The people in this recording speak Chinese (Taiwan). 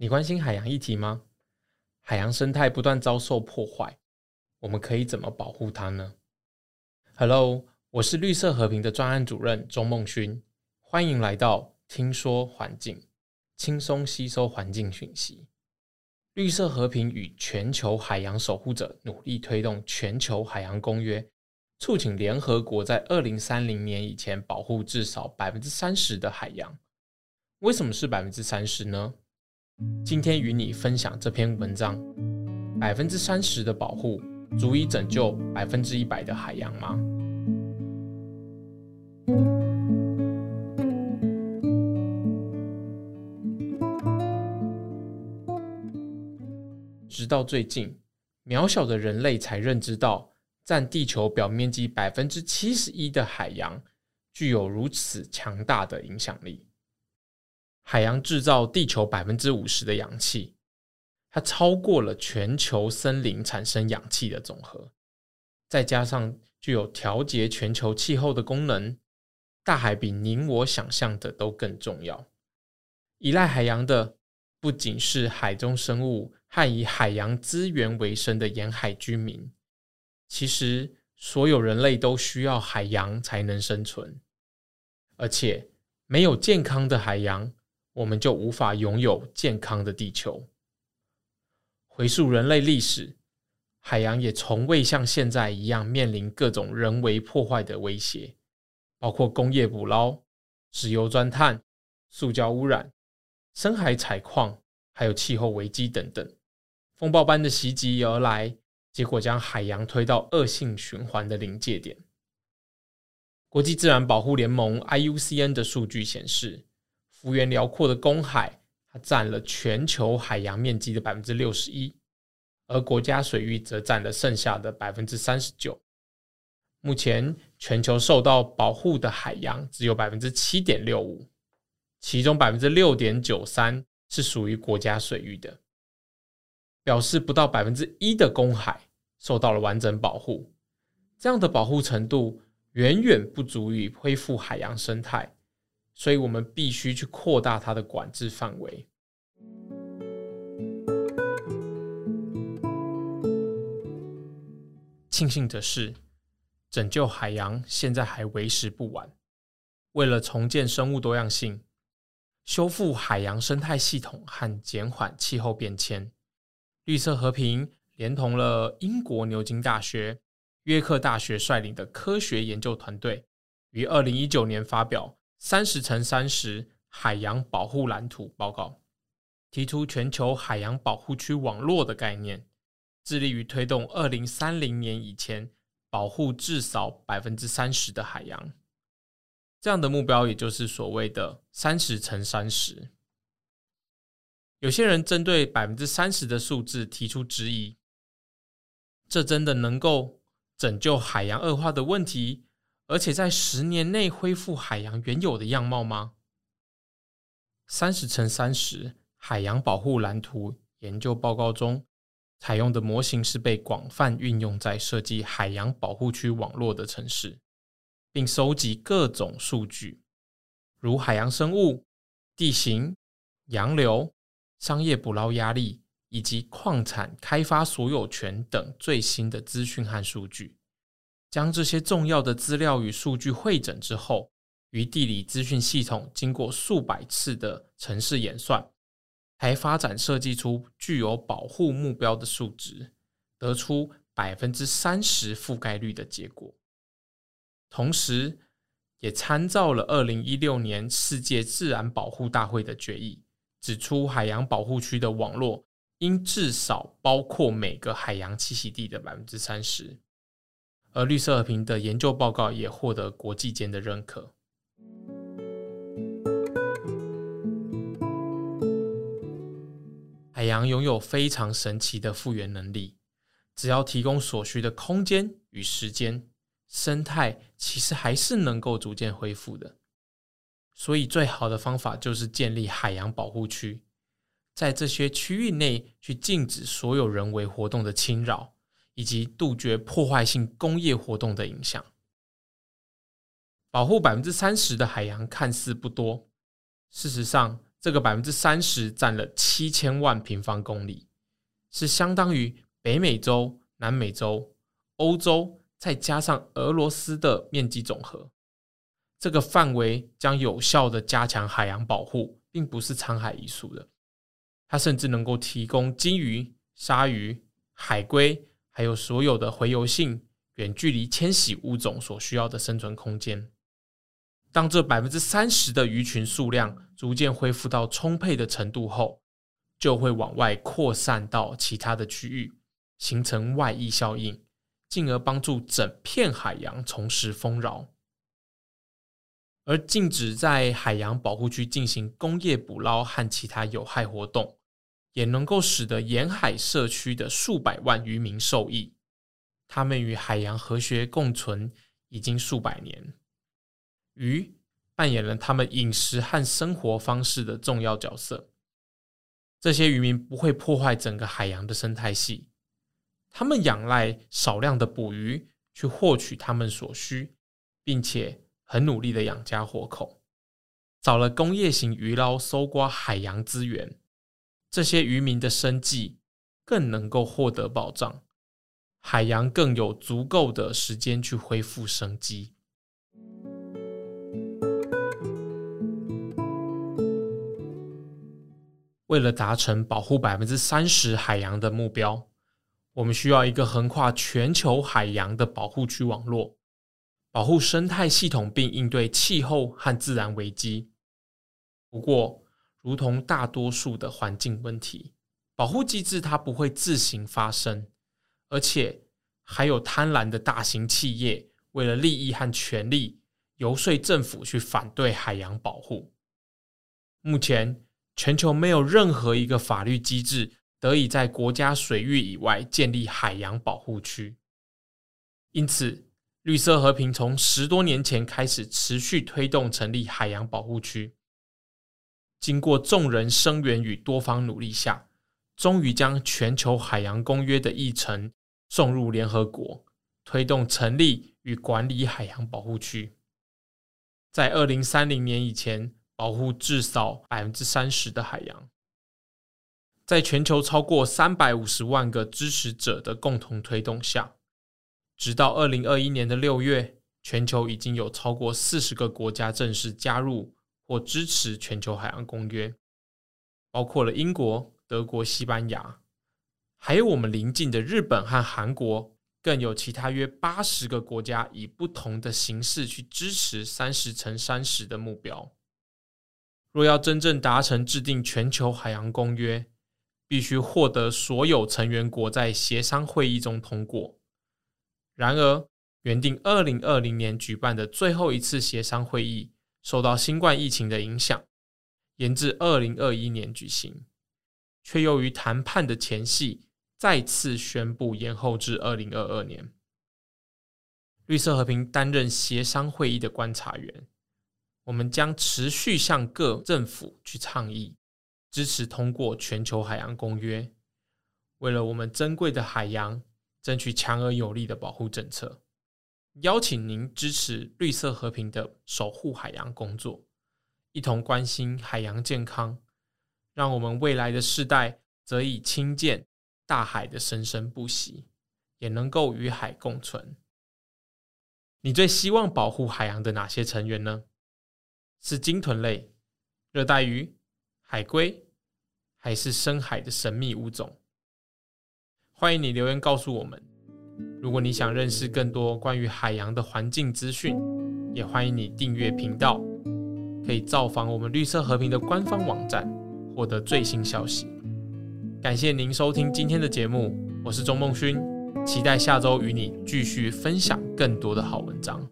你關心海洋議題嗎？海洋生態不斷遭受破壞，我們可以怎麼保護它呢？Hello，我是綠色和平的專案主任鍾孟勳，歡迎來到聽說環境，輕鬆吸收環境訊息。綠色和平與全球海洋守護者努力推動全球海洋公約，促請聯合國在二零三零年以前保護至少百分之三十的海洋。為什麼是百分之三十呢？今天與你分享這篇文章：百分之三十的保護，足以拯救百分之一百的海洋嗎？直到最近，渺小的人類才認知到，占地球表面積百分之七十一的海洋，具有如此強大的影響力。海洋製造地球百分之五十的氧氣，它超過了全球森林產生氧氣的總和。再加上具有調節全球氣候的功能，大海比您我想象的都更重要。依賴海洋的不僅是海中生物和以海洋資源為生的沿海居民，其實所有人類都需要海洋才能生存，而且沒有健康的海洋。我們就無法擁有健康的地球。回溯人類歷史，海洋也從未像現在一樣面臨各種人為破壞的威脅，包括工業捕撈、石油鑽探、塑膠污染、深海採礦，還有氣候危機等等。風暴般的襲擊而來，結果將海洋推到惡性循環的臨界點。國際自然保護聯盟 （IUCN） 的數據顯示。幅員遼闊的公海，它佔了全球海洋面積的百分之六十一，而國家水域則佔了剩下的百分之三十九。目前，全球受到保護的海洋只有百分之七點六五，其中百分之六點九三是屬於國家水域的，表示不到百分之一的公海受到了完整保護。這樣的保護程度遠遠不足以恢復海洋生態。所以我們必須去擴大它的管制範圍。慶幸的是，拯救海洋現在還為時不晚。為了重建生物多樣性、修復海洋生態系統和減緩氣候變遷，綠色和平連同了英國牛津大學、約克大學率領的科學研究團隊，於二零一九年發表。三十乘三十海洋保護藍圖報告提出全球海洋保護區網絡的概念，致力於推動二零三零年以前保護至少百分之三十的海洋。這樣的目標，也就是所謂的三十乘三十。有些人針對百分之三十的數字提出質疑，這真的能夠拯救海洋惡化的問題？而且在十年內恢復海洋原有的樣貌嗎？三十乘三十海洋保護藍圖研究報告中，採用的模型是被廣泛運用在設計海洋保護區網絡的城市，並收集各種數據，如海洋生物、地形、洋流、商業捕撈壓力以及礦產開發所有權等最新的資訊和數據。將這些重要的資料與數據匯整之後，與地理資訊系統經過數百次的程式演算，還發展設計出具有保護目標的數值，得出百分之三十覆蓋率的結果。同時，也參照了二零一六年世界自然保護大會的決議，指出海洋保護區的網絡應至少包括每個海洋棲息地的百分之三十。而綠色和平的研究報告，也獲得國際間的認可。海洋擁有非常神奇的復原能力，只要提供所需的空間與時間，生態其實還是能夠逐漸恢復的。所以，最好的方法就是建立海洋保護區，在這些區域內去禁止所有人為活動的侵擾。以及杜絕破壞性工業活動的影響，保護百分之三十的海洋看似不多，事實上，這個百分之三十佔了七千萬平方公里，是相當於北美洲、南美洲、歐洲再加上俄羅斯的面積總和。這個範圍將有效地加強海洋保護，並不是滄海一粟的，它甚至能夠提供鯨魚、鯊魚、海龜。還有所有的洄游性遠距離遷徙物種所需要的生存空間。當這百分之三十的魚群數量逐漸恢復到充沛的程度後就會往外擴散到其他的區域，形成外溢效應，進而幫助整片海洋重拾豐饒。而禁止在海洋保護區進行工業捕撈和其他有害活動也能夠使得沿海社區的數百萬漁民受益。他們與海洋和諧共存已經數百年，魚扮演了他們飲食和生活方式的重要角色。這些漁民不會破壞整個海洋的生態系，他們仰賴少量的捕魚去獲取他們所需，並且很努力地養家活口。找了工業型魚撈，搜刮海洋資源。這些漁民的生計更能夠獲得保障，海洋更有足夠的時間去恢復生機。為了達成保護百分之三十海洋的目標，我們需要一個橫跨全球海洋的保護區網絡，保護生態系統並應對氣候和自然危機。不過，如同大多數的環境問題，保護機制它不會自行發生，而且還有貪婪的大型企業為了利益和權力游說政府去反對海洋保護。目前，全球沒有任何一個法律機制得以在國家水域以外建立海洋保護區。因此，綠色和平從十多年前開始持續推動成立海洋保護區。經過眾人聲援與多方努力下，終於將全球海洋公約的議程送入聯合國，推動成立與管理海洋保護區，在二零三零年以前，保護至少百分之三十的海洋。在全球超過三百五十萬個支持者的共同推動下，直到二零二一年的六月，全球已經有超過四十個國家正式加入。或支持全球海洋公約，包括了英國、德國、西班牙，還有我們鄰近的日本和韓國，更有其他約八十個國家以不同的形式去支持三十乘三十的目標。若要真正達成制定全球海洋公約，必須獲得所有成員國在協商會議中通過。然而，原定二零二零年舉辦的最後一次協商會議，受到新冠疫情的影響，延至二零二一年舉行，卻又於談判的前夕再次宣布延後至二零二二年。綠色和平擔任協商會議的觀察員，我們將持續向各政府去倡議，支持通過全球海洋公約，為了我們珍貴的海洋，爭取強而有力的保護政策。邀請您支持綠色和平的守護海洋工作，一同關心海洋健康，讓我們未來的世代得以親見大海的生生不息，也能夠與海共存。你最希望保護海洋的哪些成員呢？是鯨豚類、熱帶魚、海龜，還是深海的神秘物種？歡迎你留言告訴我們。如果你想認識更多關於海洋的環境資訊，也歡迎你訂閱頻道，可以造訪我們綠色和平的官方網站，獲得最新消息。感謝您收聽今天的節目，我是鍾孟勛，期待下周與你繼續分享更多的好文章。